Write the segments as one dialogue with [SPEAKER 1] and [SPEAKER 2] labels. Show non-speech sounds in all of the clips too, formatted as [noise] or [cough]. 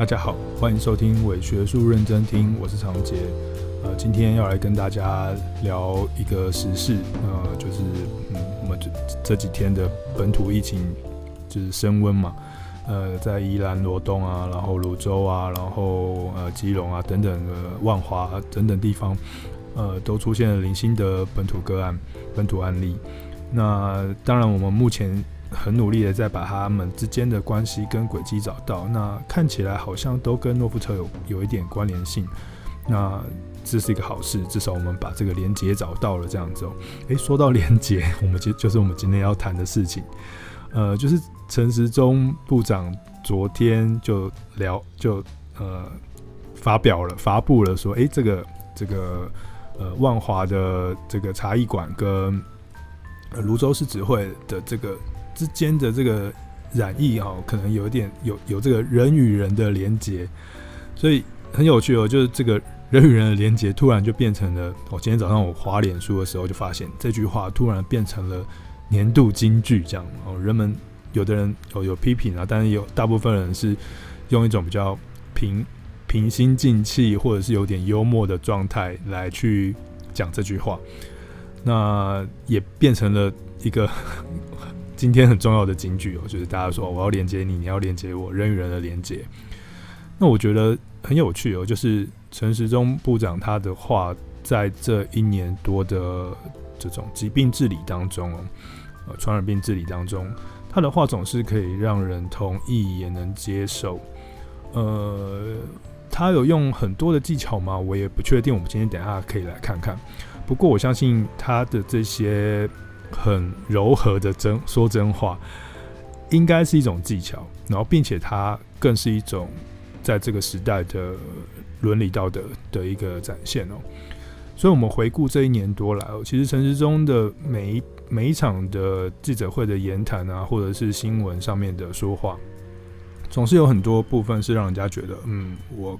[SPEAKER 1] 大家好，歡迎收聽偽學術認真聽，我是長潔。呃，今天要來跟大家聊一個時事，呃，就是嗯，我們這這幾天的本土疫情就是升溫嘛，呃，在宜蘭羅東啊，然後蘆洲啊，然後呃，基隆啊等等，呃，萬華啊，等等地方，呃，都出現了零星的本土個案、本土案例。那當然，我們目前，很努力的在把他們之間的關係跟軌跡找到，那看起來好像都跟諾富特有有一點關聯性，那這是一個好事，至少我們把這個連結找到了。這樣子，哦，哎、欸，說到連結，我們今就是我們今天要談的事情，呃，就是陳時中部長昨天就聊就呃發表了發布了說，哎、欸，這個這個呃萬華的這個茶藝館跟，蘆洲市指揮的這個。之間的這個染疫啊、哦，可能有一點有有這個人與人的連接，所以很有趣哦。就是這個人與人的連接，突然就變成了我、哦、今天早上我滑臉書的時候，就發現這句話突然變成了年度金句，這樣哦。人們有的人有、哦、有批評啊，但是有大部分人是用一種比較平平心靜氣，或者是有點幽默的狀態來去講這句話，那也變成了一個。 [laughs] 今天很重要的金句哦，就是大家說，我要連結你，你要連結我，人與人的連結。那我覺得很有趣哦，就是陳時中部長他的話，在這一年多的這種疾病治理當中，傳染病治理當中，他的話總是可以讓人同意，也能接受。呃，他有用很多的技巧嗎？我也不確定。我們今天等下可以來看看。不過我相信他的這些。很柔和的真說真話，應該是一種技巧，然後並且它更是一種在這個時代的倫理道德的一個展現哦。所以，我們回顧這一年多來，哦，其實陳時中的每一每一場的記者會的言談啊，或者是新聞上面的說話，總是有很多部分是讓人家覺得，嗯，我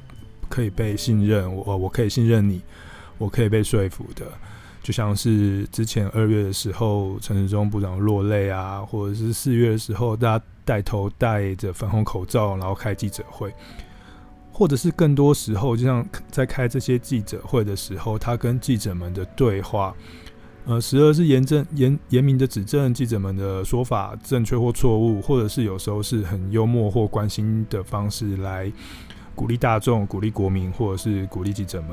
[SPEAKER 1] 可以被信任，我我可以信任你，我可以被說服的。就像是之前二月的時候，陳時中部長落淚啊，或者是四月的時候，大家帶頭戴着粉紅口罩，然後開記者會，或者是更多時候，就像在開這些記者會的時候，他跟記者們的對話，呃，時而是嚴正嚴嚴明的指正記者們的說法正確或錯誤，或者是有時候是很幽默或關心的方式來鼓勵大眾、鼓勵國民，或者是鼓勵記者們。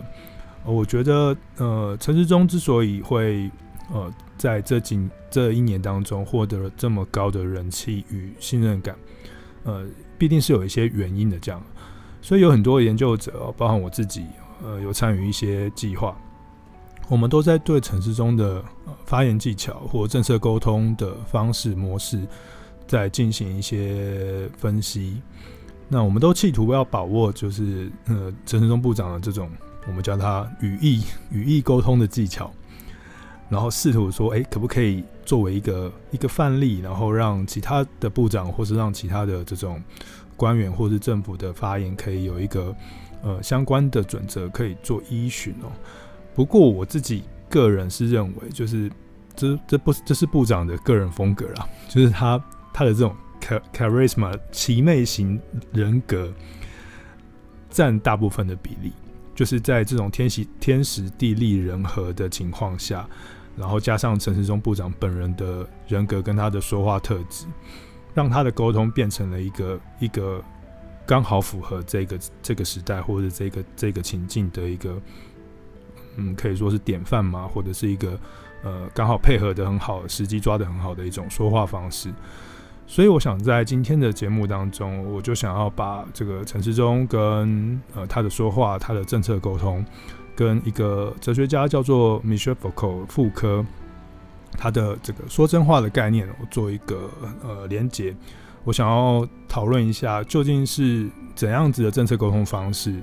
[SPEAKER 1] 我覺得，呃，陳時中之所以會，呃，在這幾，這一年當中獲得了這麼高的人氣與信任感，呃，必定是有一些原因的這樣。所以有很多研究者，哦，包含我自己，呃，有參與一些計劃，我們都在對陳時中的發言技巧或政策溝通的方式模式在進行一些分析。那我們都企圖要把握，就是，呃，陳時中部長的這種。我們叫它「語藝」語藝溝通的技巧，然後試圖說，哎，可不可以作為一個一個範例，然後讓其他的部長，或是讓其他的這種官員，或是政府的發言，可以有一個呃相關的準則，可以做依循哦。不過我自己個人是認為，就是這這不這是部長的個人風格啊，就是他他的這種 car charisma 奇魅型人格佔大部分的比例。就是在這種天時、天時地利、人和的情況下，然後加上陳時中部長本人的人格跟他的說話特質，讓他的溝通變成了一個一個剛好符合這個這個時代或者這個這個情境的一個，嗯，可以說是典範嘛，或者是一個呃剛好配合得很好，時機抓得很好的一種說話方式。所以，我想在今天的節目當中，我就想要把這個陳世忠跟呃他的說話、他的政策溝通，跟一個哲學家叫做 Michel Foucault（ 福他的這個說真話的概念我做一個呃連接。我想要討論一下，究竟是怎樣子的政策溝通方式，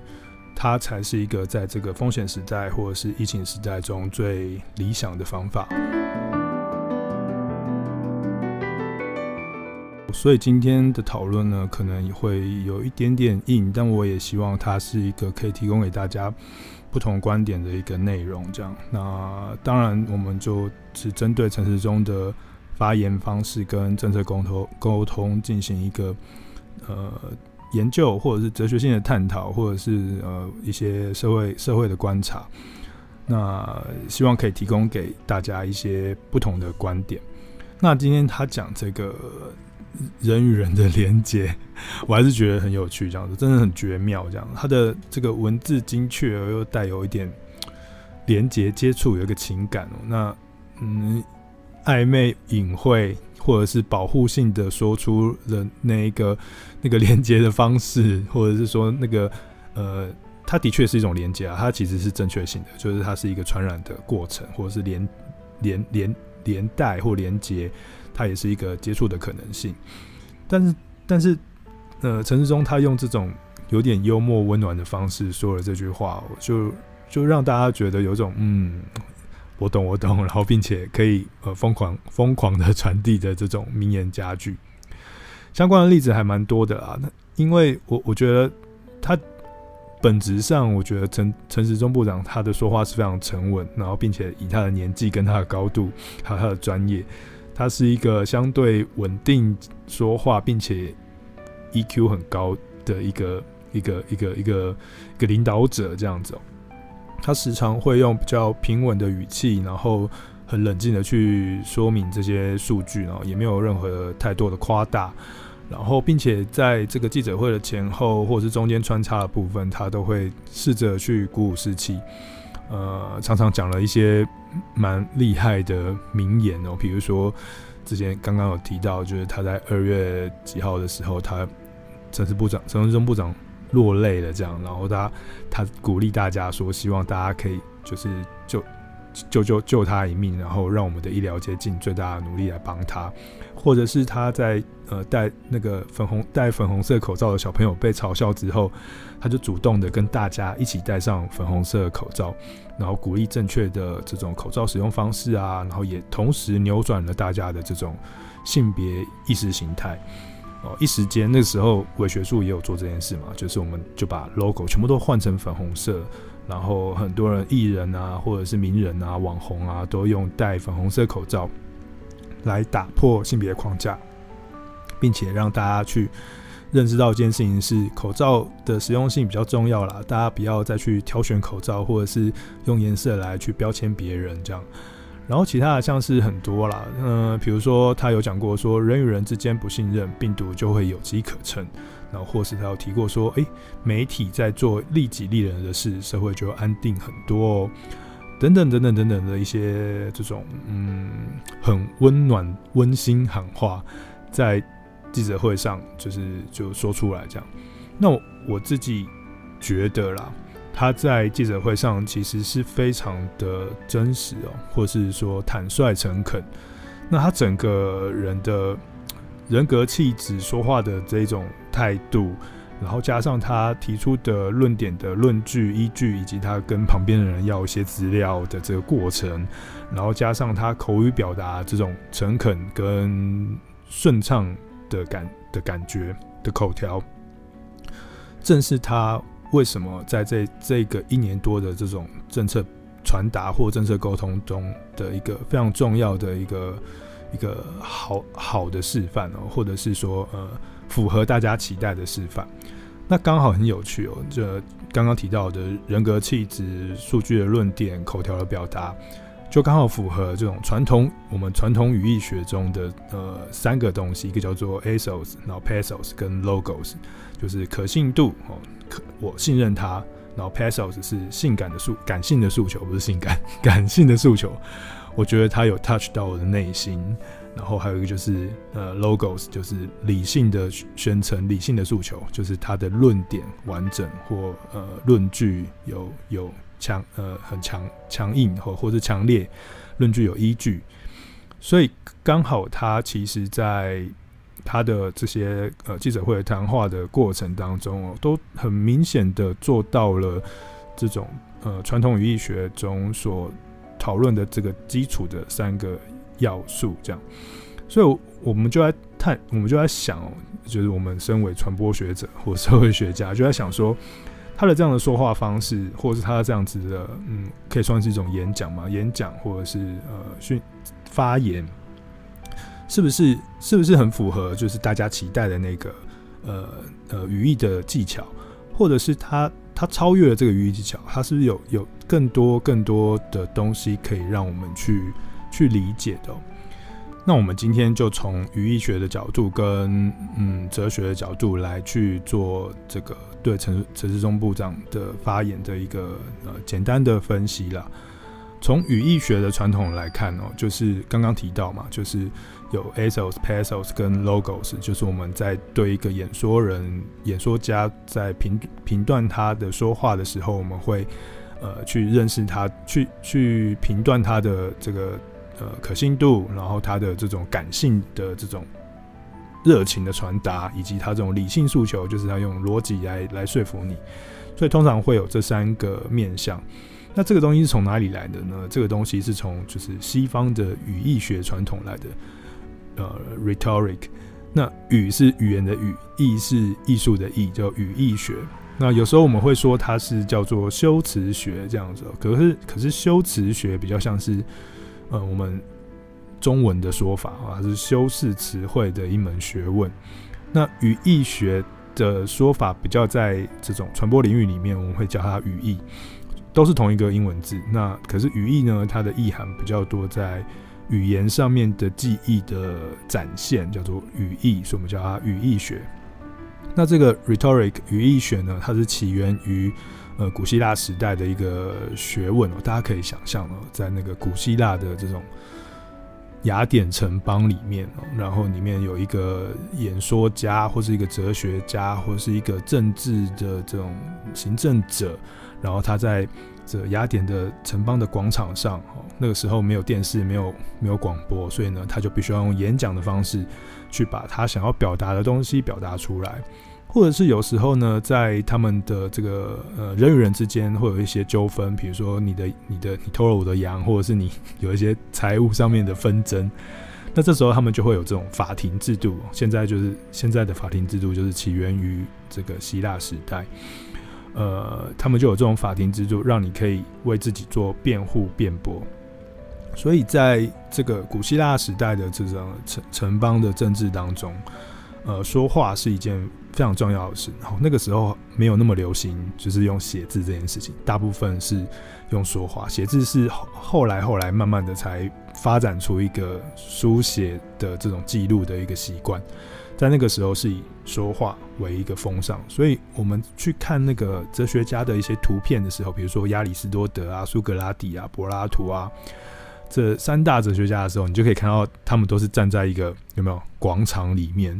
[SPEAKER 1] 它才是一個在這個風險時代或者是疫情時代中最理想的方法。所以今天的討論呢，可能也會有一點點硬，但我也希望它是一個可以提供給大家不同觀點的一個內容。這樣，那當然我們就是針對陳時中的發言方式跟政策溝通溝通進行一個呃研究，或者是哲學性的探討，或者是呃一些社會社會的觀察。那希望可以提供給大家一些不同的觀點。那今天他講這個。人與人的連結，我還是覺得很有趣，這樣子真的很絕妙。這樣，它的這個文字精確而又帶有一點連結接觸，有一個情感哦。那，嗯，曖昧隱晦，或者是保護性的說出人那一個那個連結的方式，或者是說那個呃，它的確是一種連結啊，它其實是正確性的，就是它是一個傳染的過程，或者是連連連連帶或連結。他也是一個接觸的可能性，但是，但是，呃，陳時中他用這種有點幽默、溫暖的方式說了這句話，哦就，就就讓大家覺得有種嗯，我懂，我懂，然後並且可以呃瘋狂瘋狂的傳遞的這種名言佳句，相關的例子還蠻多的啊。那因為我我覺得他本質上，我覺得陳陳時中部長他的說話是非常沉穩，然後並且以他的年紀跟他的高度還有他的專業。.他是一個相對穩定說話，並且 EQ 很高的一個一個，一個一個一個一個一個領導者這樣子，喔。他時常會用比較平穩的語氣，然後很冷靜的去說明這些數據，然後也沒有任何的太多的誇大。然後，並且在這個記者會的前後或者是中間穿插的部分，他都會試着去鼓舞士氣。呃，常常講了一些蠻厲害的名言哦，比如說之前剛剛有提到，就是他在二月幾號的時候，他陳時部長、陳時中部長落淚了，這樣，然後他他鼓勵大家說，希望大家可以就是就。救救救他一命，然後讓我們的醫療界盡最大的努力來幫他，或者是他在呃戴那個粉紅戴粉紅色口罩的小朋友被嘲笑之後，他就主動的跟大家一起戴上粉紅色的口罩，然後鼓勵正確的這種口罩使用方式啊，然後也同時扭轉了大家的這種性別意識形態哦，一時間那個時候偽學術也有做這件事嘛，就是我們就把 logo 全部都換成粉紅色。然後很多人，藝人啊，或者是名人啊、網紅啊，都用戴粉紅色口罩來打破性別的框架，並且讓大家去認識到一件事情：是口罩的實用性比較重要啦。大家不要再去挑選口罩，或者是用顏色來去標籤別人這樣。然後其他的像是很多啦，嗯，比如說他有講過說，人與人之間不信任，病毒就會有機可乘。或是他有提過說，誒、欸、媒體在做利己利人的事，社會就安定很多，哦，等等等等等等的一些這種，嗯，很溫暖、溫馨喊話，在記者會上就是就說出來這樣。那我，我自己覺得啦，他在記者會上其實是非常的真實哦，或是說坦率誠懇。那他整個人的。人格氣質、說話的這種態度，然後加上他提出的論點的論據依據，以及他跟旁邊的人要一些資料的這個過程，然後加上他口語表達這種誠懇跟順暢的感的感覺的口條，正是他為什麼在這這個一年多的這種政策傳達或政策溝通中的一個非常重要的一個。一個好好的示範哦，或者是說呃符合大家期待的示範，那剛好很有趣哦。這剛剛提到的人格氣質、數據的論點、口條的表達，就剛好符合這種傳統我們傳統語藝學中的呃三個東西，一個叫做 ethos 然後 pathos 跟 logos，就是可信度哦，我信任他，然後 pathos 是性感的訴感性的訴求，不是性感，感性的訴求。我覺得他有 touch 到我的內心，然後還有一個就是呃 logos，就是理性的宣傳、理性的訴求，就是他的論點完整或呃論據有有強呃很強強硬或或是強烈，論據有依據。所以剛好他其實，在他的這些呃記者會談話的過程當中哦，都很明顯的做到了這種呃傳統語藝學中所。討論的這個基礎的三個要素，這樣，所以我們就在探，我們就在想，就是我們身為傳播學者或社會學家，就在想說，他的這樣的說話方式，或者是他的這樣子的，嗯，可以算是一種演講嘛？演講或者是呃訓發言，是不是是不是很符合就是大家期待的那個呃呃語藝的技巧，或者是他？它超越了這個語藝技巧，它是不是有有更多更多的東西可以讓我們去去理解的哦？那我們今天就從語藝學的角度跟嗯哲學的角度來去做這個對陳陳時中部長的發言的一個呃簡單的分析啦。從語藝學的傳統來看哦，就是剛剛提到嘛，就是。有 ethos、pathos 跟 logos，就是我們在對一個演說人、演說家在評評斷他的說話的時候，我們會呃去認識他，去去評斷他的這個呃可信度，然後他的這種感性的這種熱情的傳達，以及他這種理性訴求，就是他用邏輯來來說服你。所以通常會有這三個面向。那這個東西是從哪裡來的呢？這個東西是從就是西方的語藝學傳統來的。呃、uh，rhetoric，那語是語言的語，藝是藝術的藝，叫語藝學。那有時候我們會說它是叫做修辭學這樣子，可是可是修辭學比較像是，呃，我們中文的說法啊，它是修飾詞彙的一門學問。那語藝學的說法比較在這種傳播領域裡面，我們會叫它語藝，都是同一個英文字。那可是語藝呢，它的意涵比較多在。語言上面的記憶的展現叫做語藝，所以我們叫它語藝學。那這個 rhetoric 語藝學呢，它是起源於呃古希臘時代的一個學問哦、喔。大家可以想象哦、喔，在那個古希臘的這種雅典城邦裡面哦、喔，然後裡面有一個演說家，或是一個哲學家，或是一個政治的這種行政者，然後他在。這雅典的城邦的廣場上，哦，那個時候沒有電視，沒有沒有廣播，所以呢，他就必須要用演講的方式去把他想要表達的東西表達出來，或者是有時候呢，在他們的這個呃人與人之間會有一些糾紛，比如說你的你的你偷了我的羊，或者是你有一些財務上面的紛爭，那這時候他們就會有這種法庭制度。現在就是現在的法庭制度就是起源於這個希臘時代。呃，他們就有這種法庭制度，讓你可以為自己做辯護辯駁。所以，在這個古希臘時代的這種城城邦的政治當中，呃，說話是一件非常重要的事。好，那個時候沒有那麼流行，就是用寫字這件事情，大部分是用說話。寫字是後來後來慢慢的才發展出一個書寫的這種記錄的一個習慣，在那個時候是以說話為一個風尚，所以我們去看那個哲學家的一些圖片的時候，比如說亞里士多德啊、蘇格拉底啊、柏拉圖啊這三大哲學家的時候，你就可以看到他們都是站在一個有沒有廣場裡面，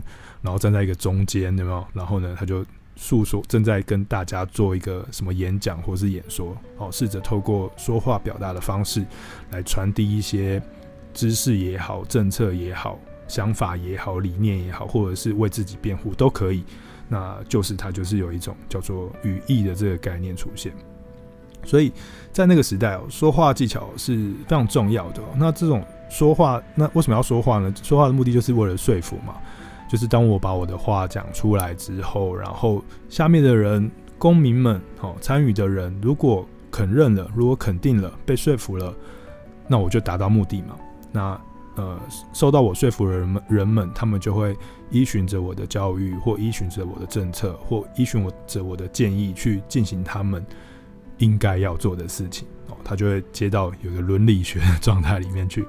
[SPEAKER 1] 然後站在一個中間，有沒有？然後呢，他就訴說，正在跟大家做一個什麼演講或是演說，哦，試着透過說話表達的方式，來傳遞一些知識也好、政策也好、想法也好、理念也好，或者是為自己辯護都可以。那就是它就是有一種叫做語藝的這個概念出現，所以在那個時代哦，說話技巧是非常重要的，哦。那這種說話，那為什麼要說話呢？說話的目的就是為了說服嘛。就是當我把我的話講出來之後，然後下面的人、公民們、哦，參與的人，如果肯認了，如果肯定了，被說服了，那我就達到目的嘛。那。呃，受到我說服的人們，人們他們就會依循着我的教育，或依循着我的政策，或依循着我的建議去進行他們應該要做的事情哦，他就會接到有一個倫理學的狀態裡面去。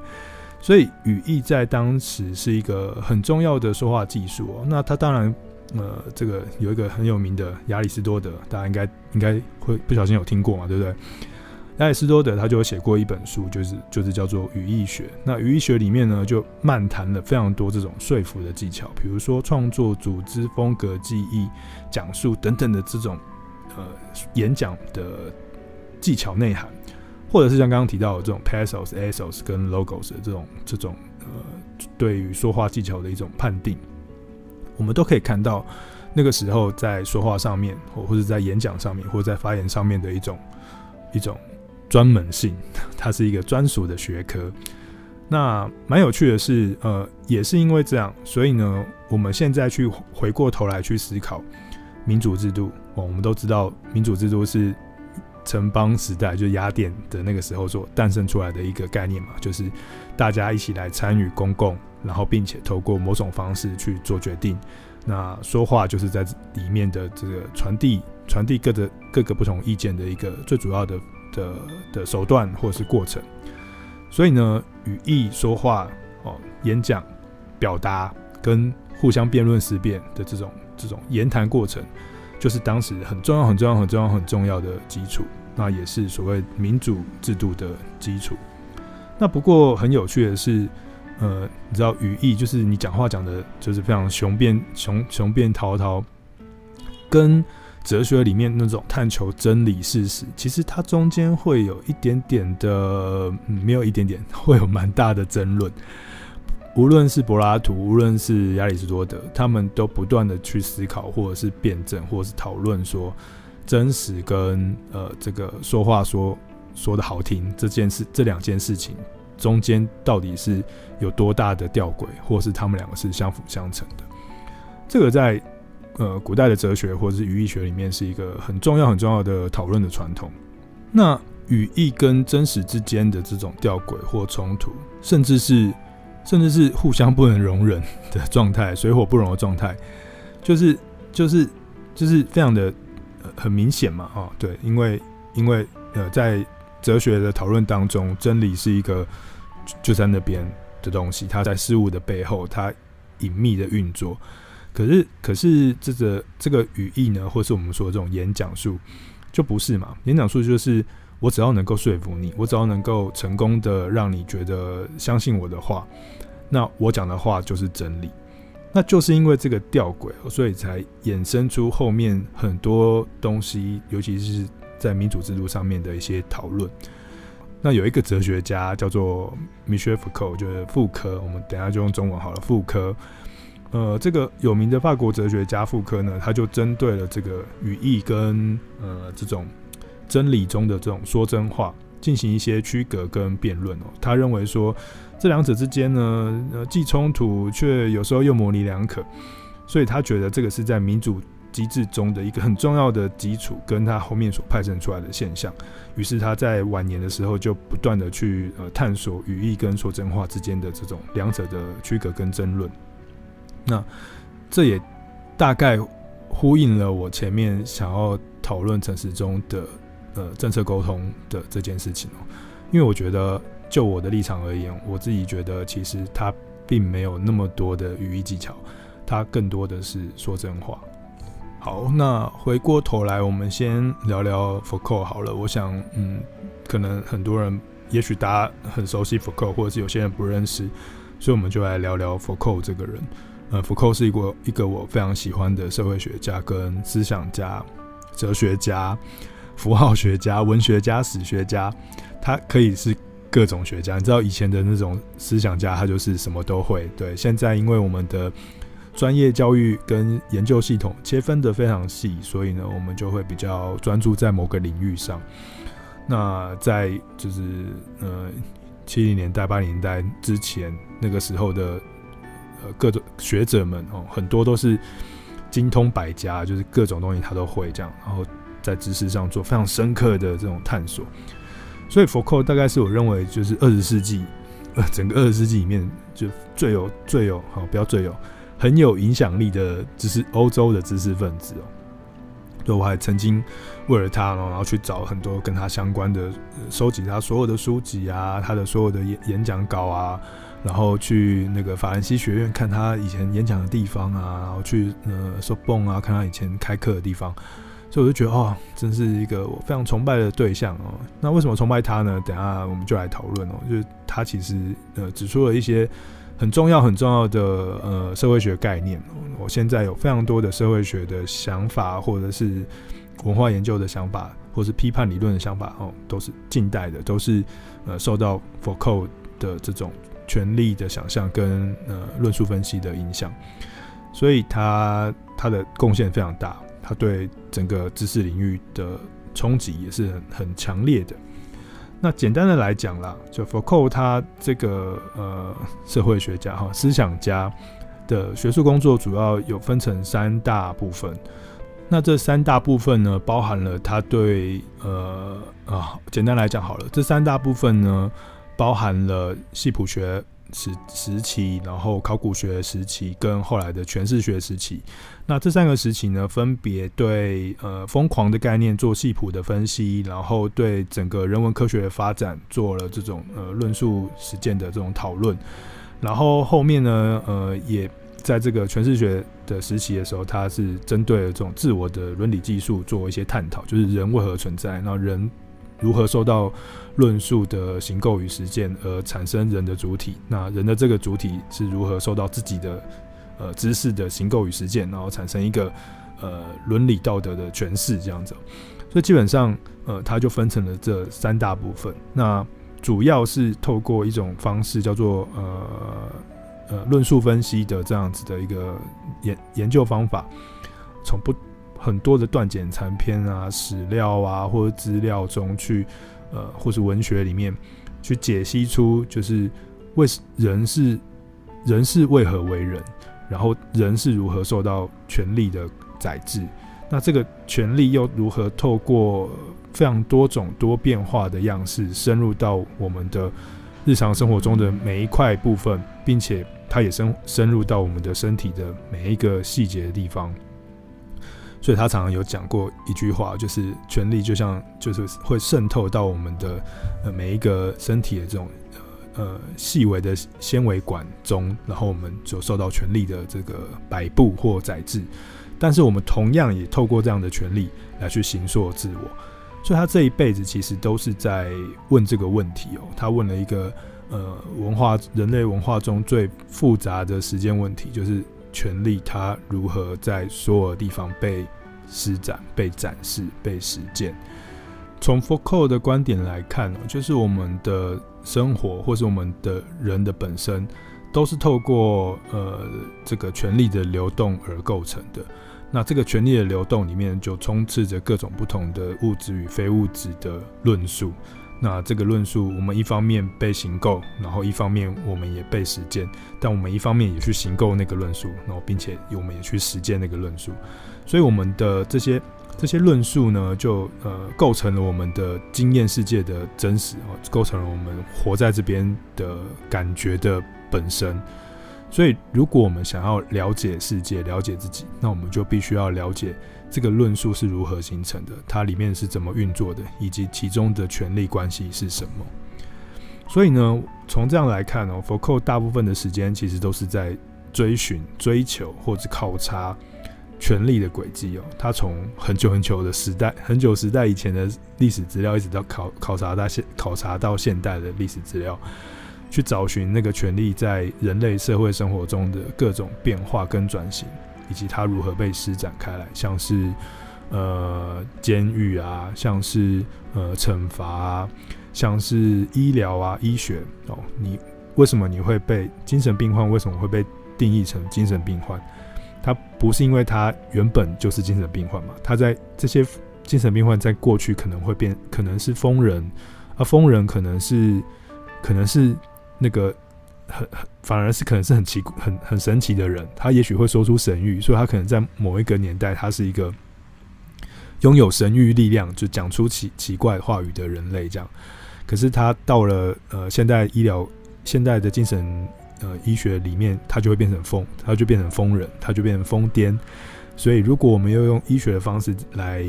[SPEAKER 1] 所以語藝在當時是一個很重要的說話技術哦，那他當然，呃，這個有一個很有名的亞里士多德，大家應該應該會不小心有聽過嘛，對不對？亞里斯多德他就有寫過一本書，就是就是叫做《語藝學》。那《語藝學》裡面呢，就漫談了非常多這種說服的技巧，比如說創作、組織、風格、記憶、講述等等的這種呃演講的技巧內涵，或者是像剛剛提到的這種 pathos、ethos 跟 logos 的這種這種呃對於說話技巧的一種判定。我們都可以看到，那個時候在說話上面，或或者在演講上面，或在發言上面的一種一種。專門性，它是一個專屬的學科。那蠻有趣的是，呃，也是因為這樣，所以呢，我們現在去回過頭來去思考民主制度。哦，我們都知道，民主制度是城邦時代，就是雅典的那個時候所誕生出來的一個概念嘛，就是大家一起來參與公共，然後並且透過某種方式去做決定。那說話就是在裡面的這個傳遞傳遞各的各個不同意見的一個最主要的。的的手段或是過程，所以呢，語藝說話哦，演講表達跟互相辯論思辨的這種這種言談過程，就是當時很重要、很重要、很重要、很重要的基礎，那也是所謂民主制度的基礎。那不過很有趣的是，呃，你知道語藝就是你講話講的就是非常雄辯、雄雄辯滔滔，跟。哲學裡面那種探求真理、事實，其實它中間會有一點點的、嗯，沒有一點點，會有蠻大的爭論。無論是柏拉圖，無論是亞里士多德，他們都不斷的去思考，或者是辯證，或者是討論說，真實跟呃，這個說話說說的好聽這件事，這兩件事情中間到底是有多大的弔詭，或是他們兩個是相輔相成的？這個在。呃，古代的哲學或者是語藝學裡面是一個很重要、很重要的討論的傳統。那語藝跟真實之間的這種吊詭或衝突，甚至是甚至是互相不能容忍的狀態，水火不容的狀態，就是，就是就是就是非常的，呃，很明顯嘛。哦，對，因為因為呃，在哲學的討論當中，真理是一個就，就在那邊的東西，它在事物的背後，它隱秘的運作。可是，可是這個這個語藝呢，或是我們說的這種演講術，就不是嘛？演講術就是我只要能夠說服你，我只要能夠成功的讓你覺得相信我的話，那我講的話就是真理。那就是因為這個吊詭，所以才衍生出後面很多東西，尤其是在民主制度上面的一些討論。那有一個哲學家叫做米歇爾·傅柯，就是傅柯，我們等一下就用中文好了，傅柯。呃，這個有名的法國哲學家傅柯呢，他就針對了這個語藝跟呃這種真理中的這種說真話進行一些區隔跟辯論哦。他認為說這兩者之間呢，呃，既衝突，卻有時候又模稜兩可，所以他覺得這個是在民主機制中的一個很重要的基礎，跟他後面所派生出來的現象。於是他在晚年的時候就不斷的去呃探索語藝跟說真話之間的這種兩者的區隔跟爭論。那這也大概呼應了我前面想要討論陳時中的呃政策溝通的這件事情哦，因為我覺得就我的立場而言，我自己覺得其實他並沒有那麼多的語藝技巧，他更多的是說真話。好，那回過頭來，我們先聊聊傅柯好了。我想，嗯，可能很多人，也許大家很熟悉傅柯，或者是有些人不認識，所以我們就來聊聊傅柯這個人。呃，傅柯、嗯、是一個一個我非常喜歡的社會學家、跟思想家、哲學家、符號學家、文學家、史學家，他可以是各種學家。你知道以前的那種思想家，他就是什麼都會。對，現在因為我們的專業教育跟研究系統切分得非常細，所以呢，我們就會比較專注在某個領域上。那在就是呃七零年代八零年代之前那個時候的。呃，各種學者們哦，很多都是精通百家，就是各種東西他都會這樣，然後在知識上做非常深刻的這種探索。所以，傅柯大概是我認為就是二十世紀呃整個二十世紀裡面就最有最有好，不要最有，很有影響力的知識歐洲的知識分子哦。就我還曾經為了他，然後去找很多跟他相關的，收集他所有的書籍啊，他的所有的演演講稿啊。然後去那個法蘭西學院看他以前演講的地方啊，然後去呃索邦啊看他以前開課的地方，所以我就覺得哦，真是一個我非常崇拜的對象哦。那為什麼崇拜他呢？等一下我們就來討論哦。就是他其實呃指出了一些很重要很重要的呃社會學概念哦。我現在有非常多的社會學的想法，或者是文化研究的想法，或者是批判理論的想法哦，都是近代的，都是呃受到傅柯的這種。權力的想象跟呃論述分析的影響，所以他他的貢獻非常大，他對整個知識領域的衝擊也是很很強烈的。那簡單的來講啦，就傅柯他這個呃社會學家哈思想家的學術工作，主要有分成三大部分。那這三大部分呢，包含了他對呃啊、哦、簡單來講好了，這三大部分呢。包含了系譜學時時期，然後考古學時期，跟後來的詮釋學時期。那這三個時期呢，分別對呃瘋狂的概念做系譜的分析，然後對整個人文科學的發展做了這種呃論述實踐的這種討論。然後後面呢，呃，也在這個詮釋學的時期的時候，它是針對了這種自我的倫理技術做一些探討，就是人為何存在，那人。如何受到論述的形構與實踐而產生人的主體？那人的這個主體是如何受到自己的呃知識的形構與實踐，然後產生一個呃倫理道德的詮釋這樣子？所以基本上呃，它就分成了這三大部分。那主要是透過一種方式叫做呃呃論述分析的這樣子的一個研研究方法，從不。很多的斷簡殘篇啊、史料啊，或者資料中去，呃，或是文學裡面去解析出，就是為人是人是為何為人，然後人是如何受到權力的宰制？那這個權力又如何透過非常多種多變化的樣式，深入到我們的日常生活中的每一塊部分，並且它也深深入到我們的身體的每一個細節的地方。所以他常常有講過一句話，就是權力就像就是會滲透到我們的、呃、每一個身體的這種呃呃細微的纖維管中，然後我們就受到權力的這個擺布或宰制。但是我們同樣也透過這樣的權力來去形塑自我。所以他這一輩子其實都是在問這個問題哦。他問了一個呃文化人類文化中最複雜的時間問題，就是。權力，它如何在所有地方被施展、被展示、被實踐？從傅柯的觀點來看，就是我們的生活，或是我們的人的本身，都是透過呃這個權力的流動而構成的。那這個權力的流動裡面，就充斥着各種不同的物質與非物質的論述。那這個論述，我們一方面被行構，然後一方面我們也被實踐，但我們一方面也去行構那個論述，然後並且我們也去實踐那個論述，所以我們的這些這些論述呢，就呃構成了我們的經驗世界的真實，構成了我們活在這邊的感覺的本身。所以，如果我們想要了解世界、了解自己，那我們就必須要了解。這個論述是如何形成的？它裡面是怎麼運作的？以及其中的權力關係是什麼？所以呢，從這樣來看哦，傅柯大部分的時間其實都是在追尋、追求或者考察權力的軌跡哦。他從很久很久的時代、很久時代以前的歷史資料，一直到考考察到現考察到現代的歷史資料，去找尋那個權力在人類社會生活中的各種變化跟轉型。以及它如何被施展開來，像是呃監獄啊，像是呃懲罰啊，像是醫療啊、醫學哦，你為什麼你會被精神病患？為什麼會被定義成精神病患？它不是因為它原本就是精神病患嘛，他在這些精神病患在過去可能會變，可能是瘋人，而、啊、瘋人可能是可能是那個。很很反而是可能是很奇很很神奇的人，他也許會說出神諭，所以他可能在某一個年代，他是一個擁有神諭力量，就講出奇奇怪話語的人類這樣。可是他到了呃現代醫療、現代的精神呃醫學裡面，他就會變成瘋，他就變成瘋人，他就變成瘋癲。所以，如果我們要用醫學的方式來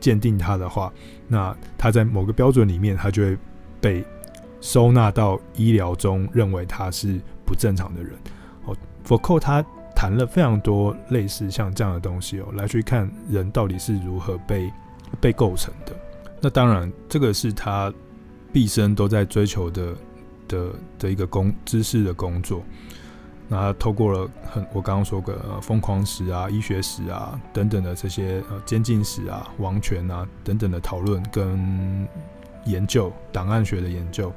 [SPEAKER 1] 鑑定他的話，那他在某個標準裡面，他就會被。收納到醫療中，認為他是不正常的人。哦，傅柯他談了非常多類似像這樣的東西哦、喔，來去看人到底是如何被被構成的。那當然，這個是他畢生都在追求的的的一個工知識的工作。那他透過了很我剛剛說的瘋狂史啊、醫學史啊等等的這些呃監禁史啊、王權啊等等的討論跟研究、檔案學的研究。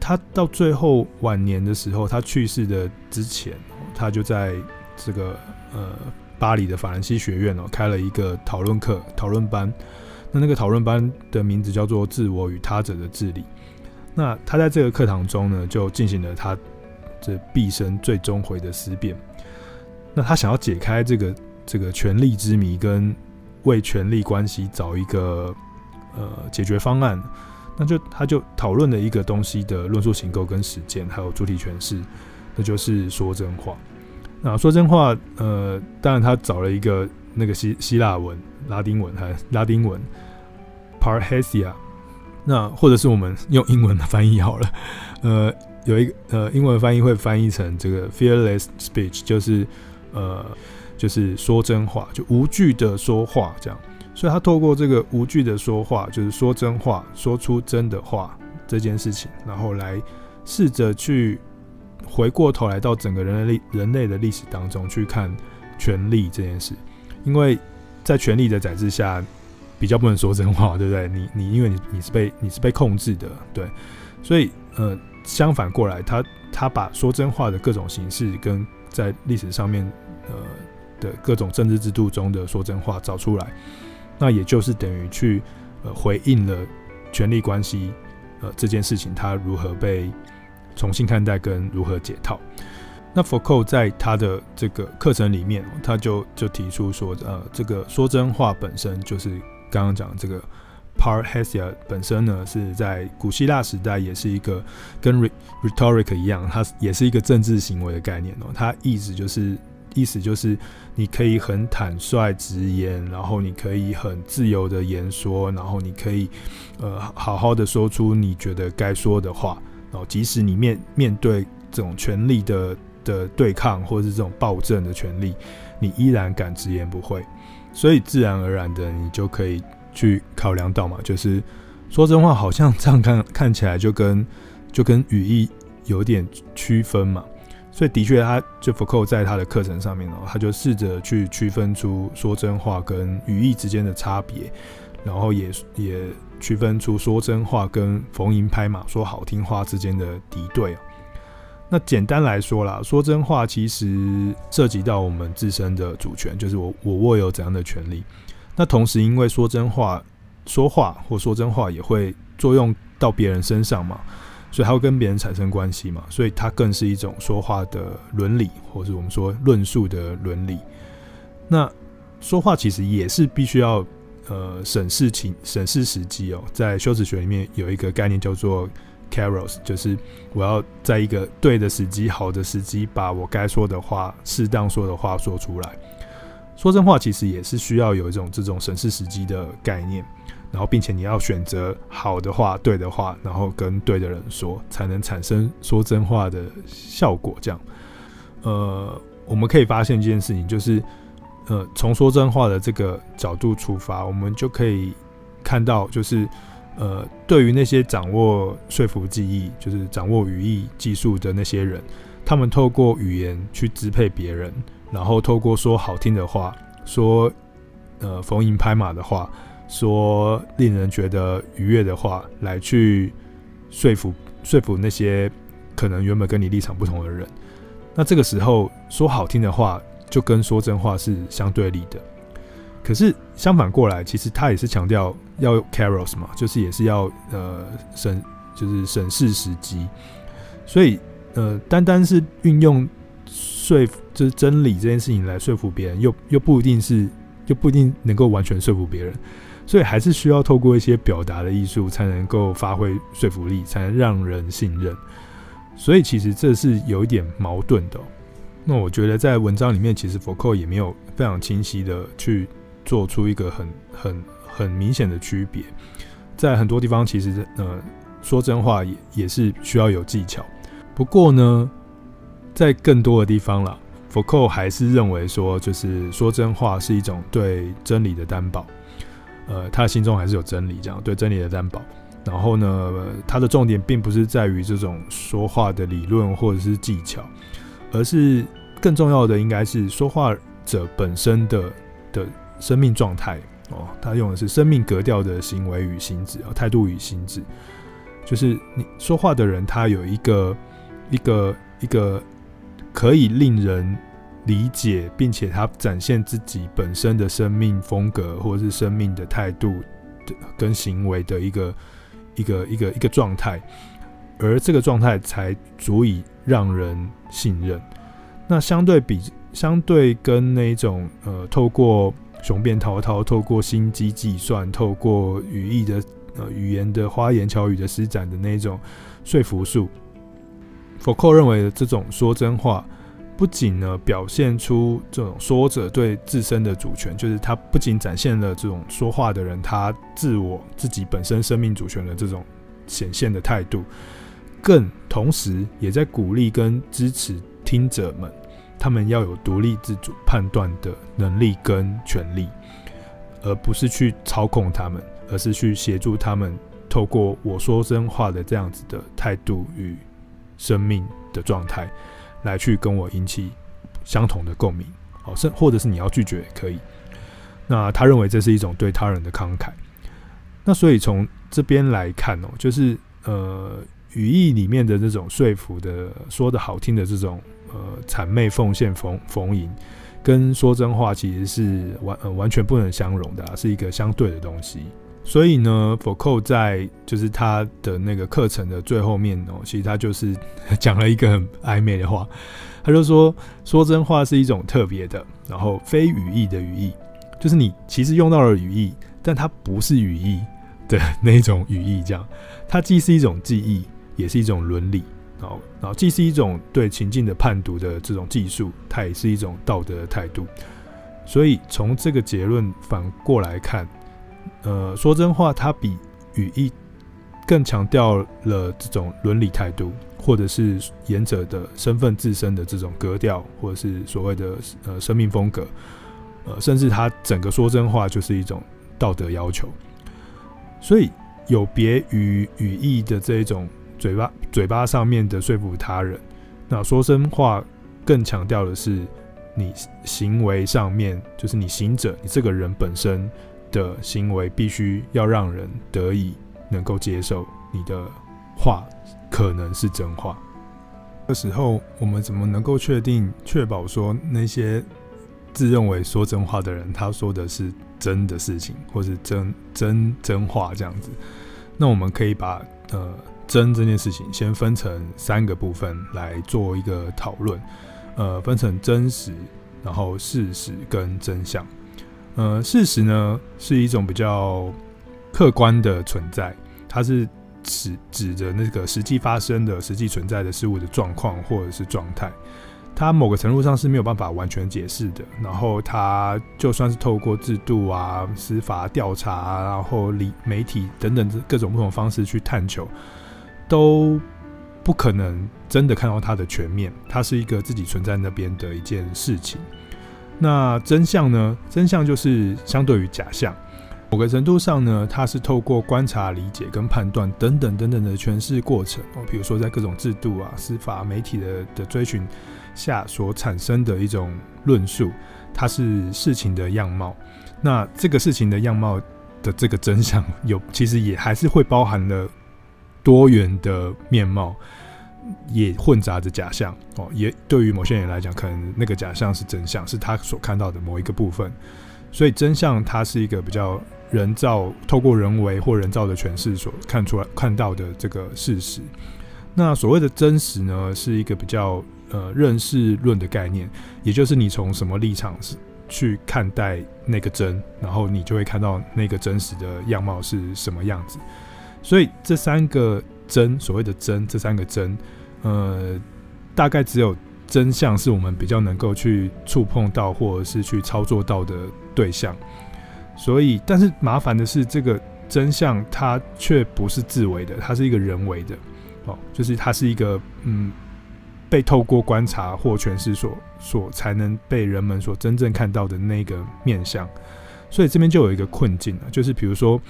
[SPEAKER 1] 他到最後晚年的時候，他去世的之前，他就在這個呃巴黎的法蘭西學院哦開了一個討論課、討論班。那那個討論班的名字叫做“自我與他者的治理”。那他在這個課堂中呢，就進行了他這畢生最終回的思辨。那他想要解開這個這個權力之謎，跟為權力關係找一個呃解決方案。那就他就討論了一個東西的論述型構、跟實踐，還有主體詮釋，那就是說真話。那說真話，呃，當然他找了一個那個希希臘文、拉丁文哈拉丁文，parrhesia。那或者是我們用英文的翻譯好了，呃，有一個呃英文翻譯會翻譯成這個 “Fearless Speech”，就是呃就是說真話，就無懼的說話這樣。所以，他透過這個無懼的說話，就是說真話、說出真的話這件事情，然後來試着去回過頭來到整個人類人類的歷史當中去看權力這件事，因為在權力的宰制下，比較不能說真話，對不對？你你因為你你是被你是被控制的，對。所以，呃，相反過來，他他把說真話的各種形式，跟在歷史上面呃的各種政治制度中的說真話找出來。那也就是等於去，呃，回應了權力關係，呃，這件事情它如何被重新看待跟如何解套。那傅柯在他的這個課程裡面，哦，他就就提出說，呃，這個說真話本身就是剛剛講的這個 parrhesia，本身呢是在古希臘時代也是一個跟 rhetoric 一樣，它也是一個政治行為的概念哦，它意思就是。意思就是，你可以很坦率直言，然後你可以很自由的言說，然後你可以，呃，好好的說出你覺得該說的話，然後即使你面面對這種權力的的對抗，或者是這種暴政的權力，你依然敢直言不諱，所以自然而然的，你就可以去考量到嘛，就是說真話，好像這樣看看起來就跟就跟語藝有點區分嘛。所以的確，他就傅柯在他的課程上面哦，他就試着去區分出說真話跟語藝之間的差別，然後也也區分出說真話跟逢迎拍馬說好聽話之間的敵對。那簡單來說啦，說真話其實涉及到我們自身的主權，就是我我握有怎樣的權利。那同時，因為說真話說話或說真話也會作用到別人身上嘛。所以它會跟別人產生關係嘛，所以它更是一種說話的倫理，或是我們說論述的倫理。那說話其實也是必須要呃審視情、審視時機哦、喔。在修辭學裡面有一個概念叫做 kairos，就是我要在一個對的時機、好的時機，把我該說的話、適當說的話說出來。說真話其實也是需要有一種這種審視時機的概念。然後，並且你要選擇好的話，對的話，然後跟對的人說，才能產生說真話的效果。這樣，呃，我們可以發現一件事情，就是，呃，從說真話的這個角度出發，我們就可以看到，就是，呃，對於那些掌握說服技藝，就是掌握語藝技術的那些人，他們透過語言去支配別人，然後透過說好聽的話，說呃逢迎拍馬的話。說令人覺得愉悅的話來去說服說服那些可能原本跟你立場不同的人，那這個時候說好聽的話就跟說真話是相對立的。可是相反過來，其實他也是強調要 kairos 嘛，就是也是要呃審就是審視時機。所以呃，單單是運用說服就是真理這件事情來說服別人，又又不一定是又不一定能夠完全說服別人。所以還是需要透過一些表達的藝術，才能夠發揮說服力，才能讓人信任。所以其實這是有一點矛盾的哦。那我覺得在文章裡面，其實傅柯也沒有非常清晰的去做出一個很、很、很明顯的區別。在很多地方，其實呃，說真話也也是需要有技巧。不過呢，在更多的地方啦，傅柯還是認為說，就是說真話是一種對真理的擔保。呃，他的心中還是有真理，這樣對真理的擔保。然後呢，呃，他的重點並不是在於這種說話的理論或者是技巧，而是更重要的應該是說話者本身的的生命狀態哦。他用的是生命格調的行為與心智啊，態度與心智，就是你說話的人，他有一個一個一個可以令人。理解，並且他展現自己本身的生命風格，或者是生命的態度，跟行為的一個一個一個一個狀態，而這個狀態才足以讓人信任。那相對比，相對跟那一種呃，透過雄辯滔滔，透過心機計算，透過語義的呃語言的花言巧語的施展的那種說服術，傅柯認為的這種說真話，不僅呢表現出這種說者對自身的主權，就是他不僅展現了這種說話的人，他自我自己本身生命主權的這種顯現的態度，更同時也在鼓勵跟支持聽者們，他們要有獨立自主判斷的能力跟權利，而不是去操控他們，而是去協助他們透過我說真話的這樣子的態度與生命的狀態。來去跟我引起相同的共鳴，好，是或者是你要拒絕也可以。那他認為這是一種對他人的慷慨。那所以從這邊來看哦，就是呃語藝裡面的這種說服的說的好聽的這種呃諂媚奉獻逢逢迎，跟說真話其實是完、呃、完全不能相容的，啊，是一個相對的東西。所以呢，傅柯在就是他的那個課程的最後面哦，其實他就是講了一個很曖昧的話，他就說說真話是一種特別的，然後非語藝的語藝，就是你其實用到了語藝，但它不是語藝的那種語藝，這樣它既是一種技藝，也是一種倫理，然後然後既是一種對情境的判讀的這種技術，它也是一種道德的態度。所以從這個結論反過來看。呃，說真話，它比語藝更強調了這種倫理態度，或者是言者的身份自身的這種格調，或者是所謂的呃生命風格。呃，甚至它整個說真話就是一種道德要求。所以有別於語藝的這一種嘴巴嘴巴上面的說服他人，那說真話更強調的是你行為上面，就是你行者你這個人本身的行為必須要讓人得以能夠接受，你的話可能是真話。這時候，我們怎麼能夠確定、確保說那些自認為說真話的人，他說的是真的事情，或是真真真話這樣子？那我們可以把呃真這件事情先分成三個部分來做一個討論，呃，分成真實，然後事實跟真相。呃，事實呢是一種比較客觀的存在，它是指指着那個實際發生的、實際存在的事物的狀況或者是狀態，它某個程度上是沒有辦法完全解釋的。然後它就算是透過制度啊、司法調查啊，然後媒媒體等等各種不同方式去探求，都不可能真的看到它的全面。它是一個自己存在那邊的一件事情。那真相呢？真相就是相對於假象，某個程度上呢，它是透過觀察、理解跟判斷等等等等的詮釋過程哦。比如說，在各種制度啊、司法、媒體的的追尋下所產生的一種論述，它是事情的樣貌。那這個事情的樣貌的這個真相有，其實也還是會包含了多元的面貌。也混雜着假象哦，也對於某些人來講，可能那個假象是真相，是他所看到的某一個部分。所以真相它是一個比較人造，透過人為或人造的詮釋所看出來看到的這個事實。那所謂的真實呢，是一個比較呃認識論的概念，也就是你從什麼立場去看待那個真，然後你就會看到那個真實的樣貌是什麼樣子。所以這三個。真所謂的真，這三個真，呃，大概只有真相是我們比較能夠去觸碰到，或者是去操作到的對象。所以，但是麻煩的是，這個真相它卻不是自為的，它是一個人為的，哦，就是它是一個嗯，被透過觀察或詮釋所所才能被人們所真正看到的那個面向。所以這邊就有一個困境，就是比如說。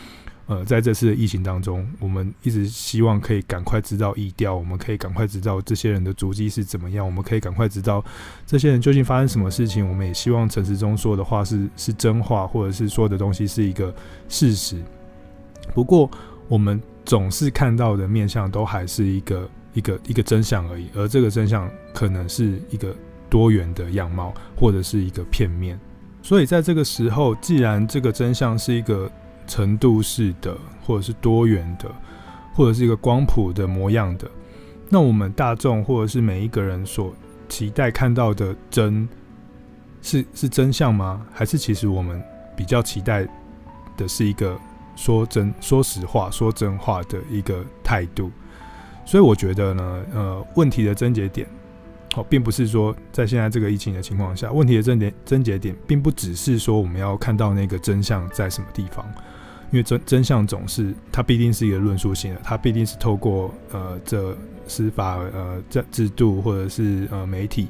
[SPEAKER 1] 呃，在這次的疫情當中，我們一直希望可以趕快知道疫調，我們可以趕快知道這些人的足跡是怎麼樣，我們可以趕快知道這些人究竟發生什麼事情。我們也希望陳時中說的話是是真話，或者是說的東西是一個事實。不過，我們總是看到的面向都還是一個一個一個真相而已，而這個真相可能是一個多元的樣貌，或者是一個片面。所以，在這個時候，既然這個真相是一個。程度式的，或者是多元的，或者是一個光譜的模樣的，那我們大眾或者是每一個人所期待看到的真，是是真相嗎？還是其實我們比較期待的是一個說真說實話、說真話的一個態度？所以我覺得呢，呃，問題的症結點哦，並不是說在現在這個疫情的情況下，問題的症點症結點並不只是說我們要看到那個真相在什麼地方。因為真真相總是它，必定是一個論述性的，它必定是透過呃這司法呃這制度或者是呃媒體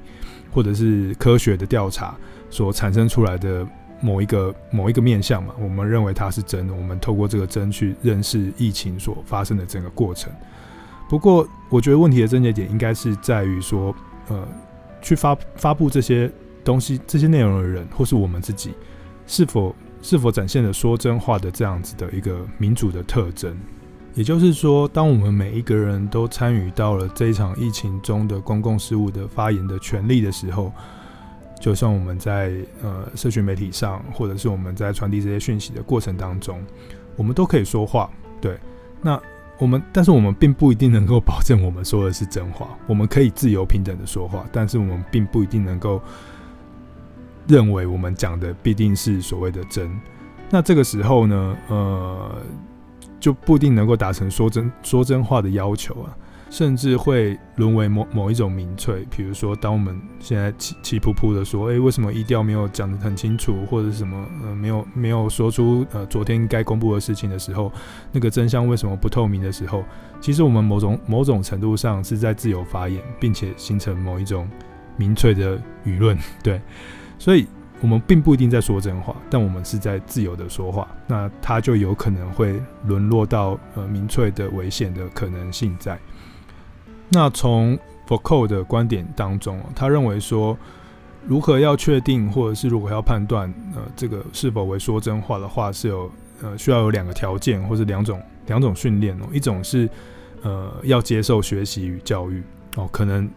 [SPEAKER 1] 或者是科學的調查所產生出來的某一個某一個面向嘛，我們認為它是真的，我們透過這個真去認識疫情所發生的整個過程。不過，我覺得問題的症結點應該是在於說，呃，去發發布這些東西這些內容的人，或是我們自己是否。是否展現了說真話的這樣子的一個民主的特徵？也就是說，當我們每一個人都參與到了這一場疫情中的公共事務的發言的權利的時候，就像我們在呃社群媒體上，或者是我們在傳遞這些訊息的過程當中，我們都可以說話。對，那我們但是我們並不一定能夠保證我們說的是真話。我們可以自由平等的說話，但是我們並不一定能夠。認為我們講的必定是所謂的真，那這個時候呢，呃，就不一定能夠達成說真說真話的要求啊，甚至會淪為某某一種民粹。比如說，當我們現在氣氣噗噗的說：“誒、欸，為什麼一調沒有講得很清楚，或者什麼呃，沒有沒有說出呃昨天該公布的事情的時候，那個真相為什麼不透明的時候，其實我們某種某種程度上是在自由發言，並且形成某一種民粹的輿論，對。”所以我們並不一定在說真話，但我們是在自由的說話。那他就有可能會淪落到呃民粹的危險的可能性在。那從傅柯的觀點當中、哦，他認為說，如何要確定或者是如果要判斷呃這個是否為說真話的話，是有呃需要有兩個條件或是兩種兩種訓練哦。一種是呃要接受學習與教育哦，可能。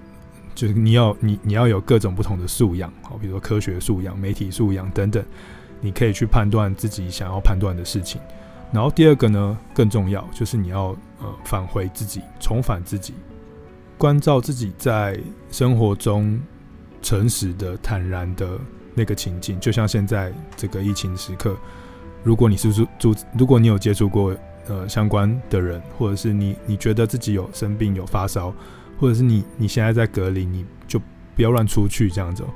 [SPEAKER 1] 就是你要你你要有各種不同的素養，好，比如說科學素養、媒體素養等等，你可以去判斷自己想要判斷的事情。然後第二個呢，更重要就是你要呃返回自己，重返自己，關照自己在生活中誠實的、坦然的那個情境。就像現在這個疫情時刻，如果你是住，如果你有接觸過呃相關的人，或者是你你覺得自己有生病、有發燒。或者是你，你現在在隔離，你就不要亂出去這樣子哦。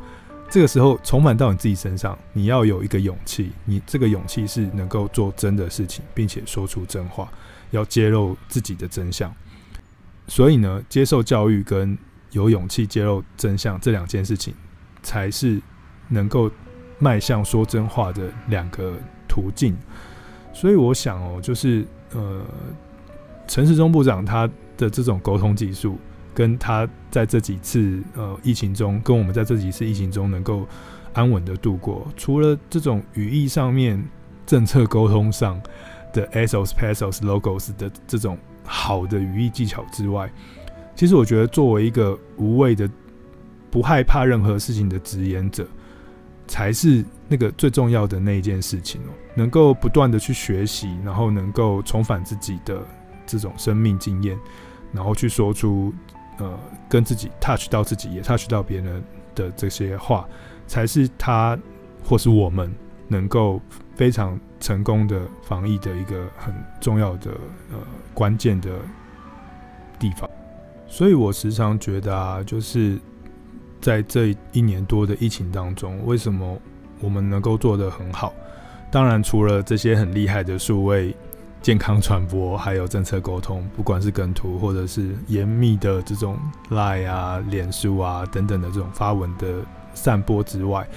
[SPEAKER 1] 這個時候，重返到你自己身上，你要有一個勇氣。你這個勇氣是能夠做真的事情，並且說出真話，要揭露自己的真相。所以呢，接受教育跟有勇氣揭露真相這兩件事情，才是能夠邁向說真話的兩個途徑。所以我想哦，就是呃，陳時中部長他的這種溝通技術。跟他在這幾次呃疫情中，跟我們在這幾次疫情中能夠安穩的度過，除了這種語藝上面、政策溝通上的 ethos, pathos, logos 的這種好的語藝技巧之外，其實我覺得作為一個無畏的、不害怕任何事情的直言者，才是那個最重要的那一件事情哦。能夠不斷的去學習，然後能夠重返自己的這種生命經驗，然後去說出。呃，跟自己 touch 到自己，也 touch 到別人的這些話，才是他或是我們能夠非常成功的防疫的一個很重要的呃關鍵的地方。所以我時常覺得啊，就是在這一年多的疫情當中，為什麼我們能夠做得很好？當然，除了這些很厲害的數位。健康傳播還有政策溝通，不管是梗圖，或者是嚴密的這種 LINE 啊、臉書啊等等的這種發文的散播之外，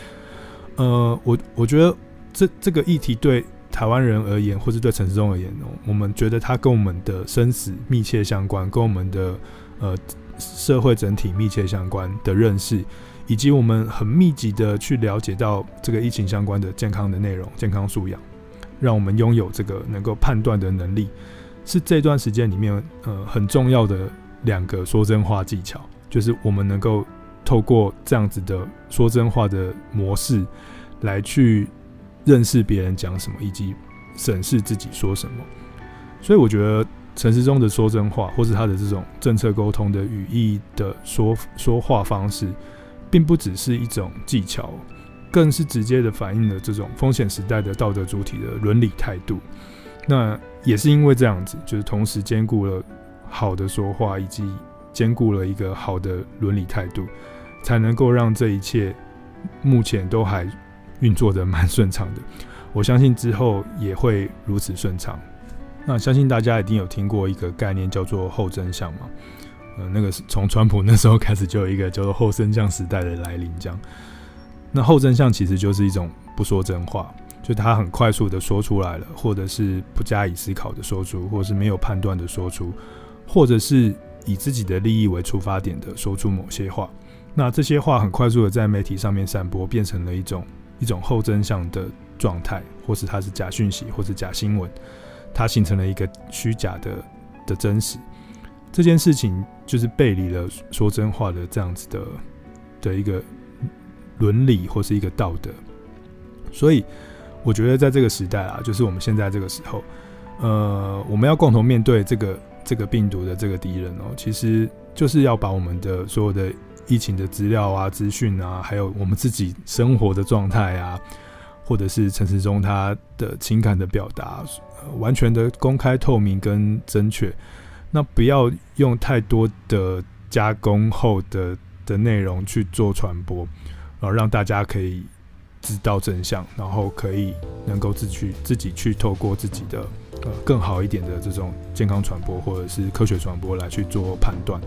[SPEAKER 1] 呃，我我覺得這這個議題對台灣人而言，或是對陳時中而言，我們覺得它跟我們的生死密切相關，跟我們的呃社會整體密切相關的認識，以及我們很密集的去了解到這個疫情相關的健康的內容、健康素養。讓我們擁有這個能夠判斷的能力，是這段時間裡面呃很重要的兩個說真話技巧，就是我們能夠透過這樣子的說真話的模式，來去認識別人講什麼，以及審視自己說什麼。所以我覺得陳時中的說真話，或是他的這種政策溝通的語藝的說說話方式，並不只是一種技巧。更是直接的反映了這種風險時代的道德主體的倫理態度。那也是因為這樣子，就是同時兼顧了好的說話，以及兼顧了一個好的倫理態度，才能夠讓這一切目前都還運作得蠻順暢的。我相信之後也會如此順暢。那相信大家一定有聽過一個概念叫做“後真相”嘛？嗯，那個是從川普那時候開始就有一個叫做“後真相時代”的來臨，這樣。那後真相其實就是一種不說真話，就他很快速的說出來了，或者是不加以思考的說出，或是沒有判斷的說出，或者是以自己的利益為出發點的說出某些話。那這些話很快速的在媒體上面散播，變成了一種一種後真相的狀態，或是它是假訊息，或是假新聞，它形成了一個虛假的的真實。這件事情就是背離了說真話的這樣子的的一個。倫理或是一個道德，所以我覺得在這個時代啊，就是我們現在這個時候，呃，我們要共同面對這個這個病毒的這個敵人哦，其實就是要把我們的所有的疫情的資料啊、資訊啊，還有我們自己生活的狀態啊，或者是陳時中他的情感的表達、呃，完全的公開、透明跟正確，那不要用太多的加工後的的內容去做傳播。然後讓大家可以知道真相，然後可以能夠自去自己去透過自己的呃更好一點的這種健康傳播或者是科學傳播來去做判斷。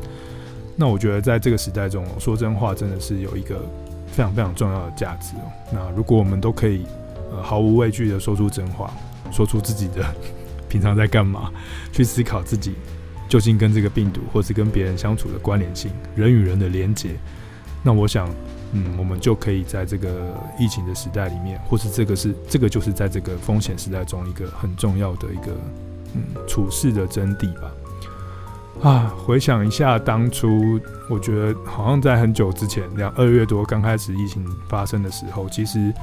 [SPEAKER 1] 那我覺得在這個時代中，說真話真的是有一個非常非常重要的價值。那如果我們都可以呃毫無畏懼的說出真話，說出自己的平常在幹嘛，去思考自己究竟跟這個病毒或是跟別人相處的關聯性，人與人的連結，那我想。嗯，我們就可以在這個疫情的時代裡面，或是這個是這個就是在這個風險時代中一個很重要的一個嗯處事的真諦吧。啊，回想一下當初，我覺得好像在很久之前兩二月多剛開始疫情發生的時候，其實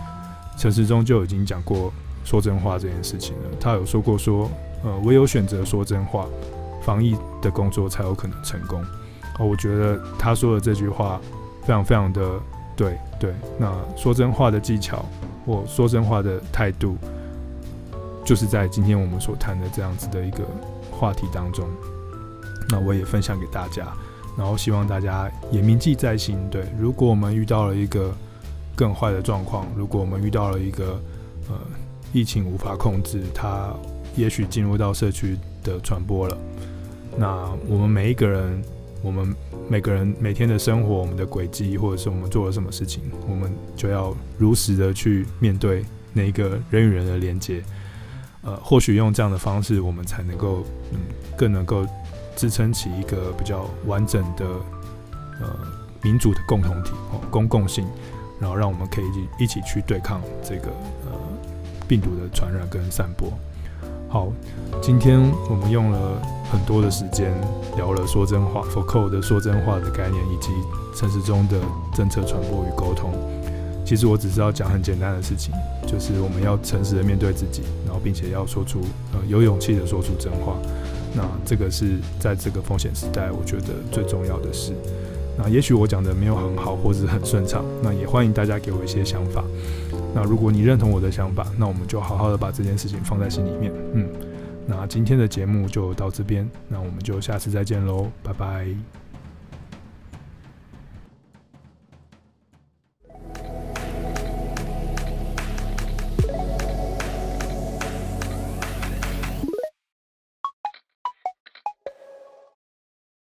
[SPEAKER 1] 陳時中就已經講過說真話這件事情了。他有說過說，呃，唯有選擇說真話，防疫的工作才有可能成功。我覺得他說的這句話非常非常的。對對，那說真話的技巧或說真話的態度，就是在今天我們所談的這樣子的一個話題當中，那我也分享給大家，然後希望大家也銘記在心。對，如果我們遇到了一個更壞的狀況，如果我們遇到了一個呃疫情無法控制，它也許進入到社區的傳播了，那我們每一個人。我們每個人每天的生活，我們的軌跡，或者是我們做了什麼事情，我們就要如實的去面對那個人與人的連接。呃，或許用這樣的方式，我們才能夠、嗯、更能夠支撐起一個比較完整的呃民主的共同體、哦、公共性，然後讓我們可以一起去對抗這個呃病毒的傳染跟散播。好，今天我們用了很多的時間聊了說真話，Foucault 的說真話的概念，以及陳時中的政策傳播與溝通。其實我只是要講很簡單的事情，就是我們要誠實的面對自己，然後並且要說出呃有勇氣的說出真話。那這個是在這個風險時代，我覺得最重要的事。那也許我講的沒有很好，或者很順暢，那也歡迎大家給我一些想法。那如果你認同我的想法，那我們就好好的把這件事情放在心裡面。嗯，那今天的節目就到這邊，那我們就下次再見嘍，拜拜。